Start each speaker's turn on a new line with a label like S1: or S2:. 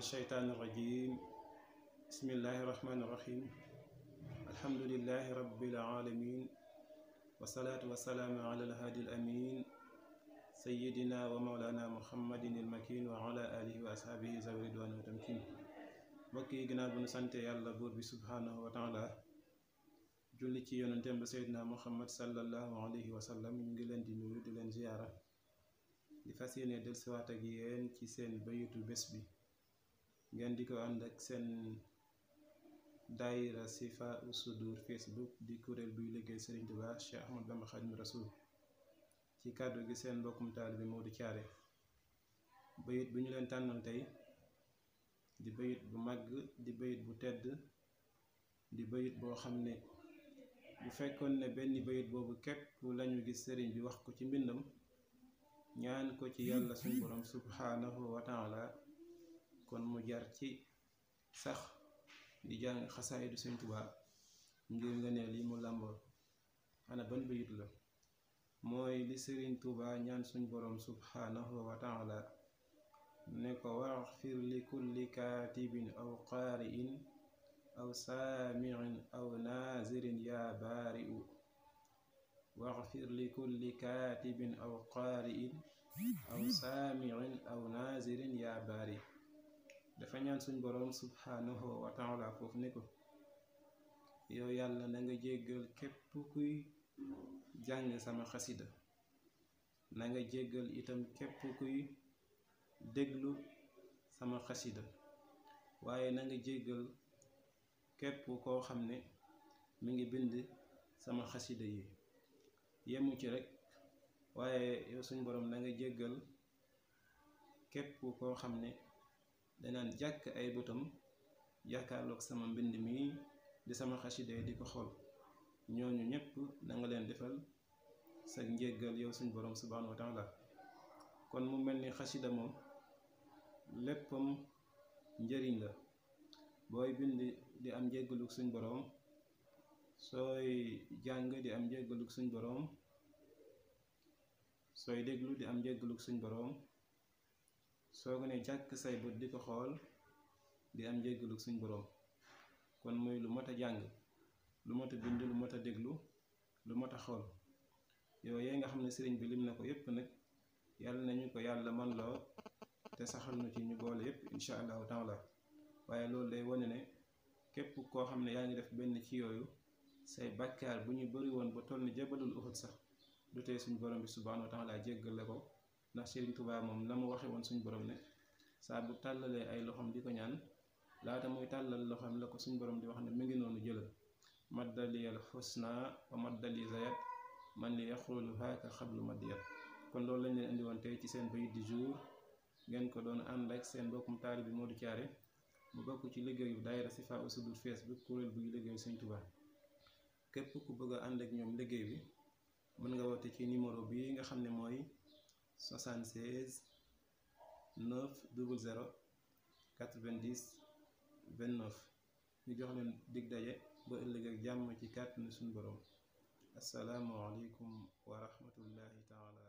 S1: الشيطان الرجيم بسم الله الرحمن الرحيم الحمد لله رب العالمين والصلاة والسلام على الهادي الأمين سيدنا ومولانا محمد المكين وعلى آله وأصحابه زوال الدوان والتمكين بكي جناب سنتي الله بور سبحانه وتعالى جولي كي ينتم سيدنا محمد صلى الله عليه وسلم من جلن دي زيارة لفاسيني دل سواتك يين كي سين بيوتو بسبي بي. ngeen di ko ànd ak seen daayira Chifa Sudur Facebook di kuréel buy liggéey Serigne Touba Cheikh Ahmadou Bamba Khadim Rasoul ci kàddu gi seen bi taalibe Modou Thiaré bayit bu ñu leen tànnal tey di bayit bu màgg di bayit bu tedd di bayit boo xam ne bu fekkoon ne benn bayit boobu képp lañu gis sëriñ bi wax ko ci mbindam ñaan ko ci yàlla suñu subhanahu wa kon mu jar ci sax di jàng xasaayidu Sëñ Tuubaa ngir nga ne li mu lambo ana ban bayit la moy li Sëriñ touba ñaan suñu borom subhanahu wa taala ne ko waxfir li kulli katibin aw qari'in aw sami'in aw naazirin yaa baari'u واغفر لكل كاتب أو قارئ أو سامع أو ناظر يا بارئ dafa ñaan suñ boroom subhaanahu wa taala foofu ni ko yow yàlla na nga jéggal képp kuy jàng sama xasida na nga jéggal itam képp kuy déglu sama xasida waaye na nga jéggal képp koo xam ne mu ngi bind sama xasida yi yemu ci rekk waaye yow suñ boroom na nga jéggal képp koo xam ne danaan jàkk ay bëtam yaakaarloog sama mbind mii di sama xasida di ko xool ñooñu ñëpp na nga leen defal sa njéggal yow suñ boroom subhanahu wa taala kon mu mel ni xasida moom léppam njëriñ la booy bind di am njéggalug suñ boroom sooy jàng di am njéggalug suñ borom sooy déglu di am njéggalug suñ boroom soo ko ne jàkk say bët di ko xool di am njéggalu suñ boroom kon mooy lu mat a jàng lu mot a bind lu mot a déglu lu mot a xool yooyu nga xam ne sëriñ bi lim na ko yépp nag yàlla nañu ko yàlla man loo te saxal nu ci ñu boole yépp incha allahu taala waaye loolu day wane ne képp koo xam ne yaa ngi def benn ci yooyu say bàkkaar bu ñu bëri woon ba toll ni jabalul uxut sax du suñ borom bi subhanahu wa taala jéggal la ko ndax Serigne Touba moom la mu waxee woon suñu borom ne saa bu tàllalee ay loxoom di ko ñaan laata muy tàllal loxoom la ko suñu boroom di wax ne mu ngi noonu jëlal maddaliyal xusna wa maddali zayat man li yaxulu haaka xablu maddiyat kon loolu lañ leen indi woon tey ci seen bayit du jour ngeen ko doon ànd ak seen bokkum taali bi moo du Thiaré mu bokk ci liggéeyu daayira si faa usudul facebook kuréel buy liggéeyu Sëñ Tuubaa képp ku bëgg a ànd ak ñoom liggéey bi mën nga woote ci numéro bi nga xam ne mooy 76 9 00 90 29 ñu jox leen dig daje ba ëllëg ak jàmm ci kàttanu suñu borom assalaamu aleykum wa rahmatullahi taala